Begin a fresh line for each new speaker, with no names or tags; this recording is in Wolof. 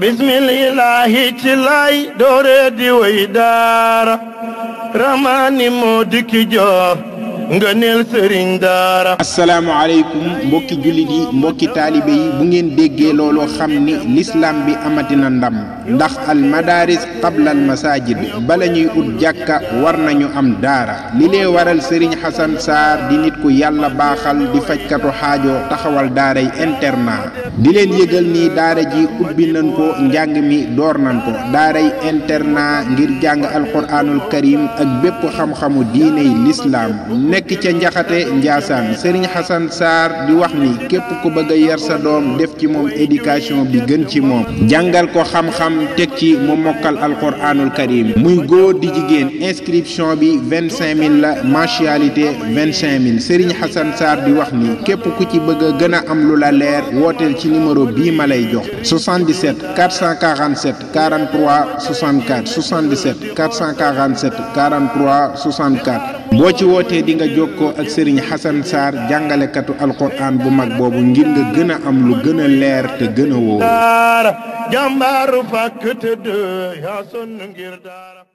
bismillahi ci lay doore di way daara
ramani ngëneel sëriñ daara asalaamaaleykum mbokki jullit yi mbokki taalibe yi bu ngeen déggee looloo xam ni lislaam bi amatina ndam ndax al madaaris qabla al masaajid bala ñuy ut jàkka war nañu am daara li lee waral sëriñ Xasan Saar di nit ku yàlla baaxal di fajkatu xaajo taxawal daaray interna di leen yëgal ni daara ji ubbi nañ ko njàng mi door nañ ko daaray internat ngir jàng alquraanul karim ak bépp xam-xamu diiney lislaam nekk ca njaxate njaasaan sëriñ xasan saar di wax ni képp ku bëgg a yar sa doom def ci moom éducation bi gën ci moom jàngal ko xam-xam teg ci mu mokkal alquraanul karim muy góor di jigéen inscription bi vingt mille la mensualité vingt cinq mille sëriñ xasan saar di wax ni képp ku ci bëgg a gën a am lu la leer wooteel ci numéro bii ma lay jox 77 447 43 64 77 447 43 64 boo ci wootee di nga jokkoo ak sëriñ Xasan Sarr jàngalekatu alquran bu mag boobu ngir nga gën a am lu gën a leer te gën a
wóor.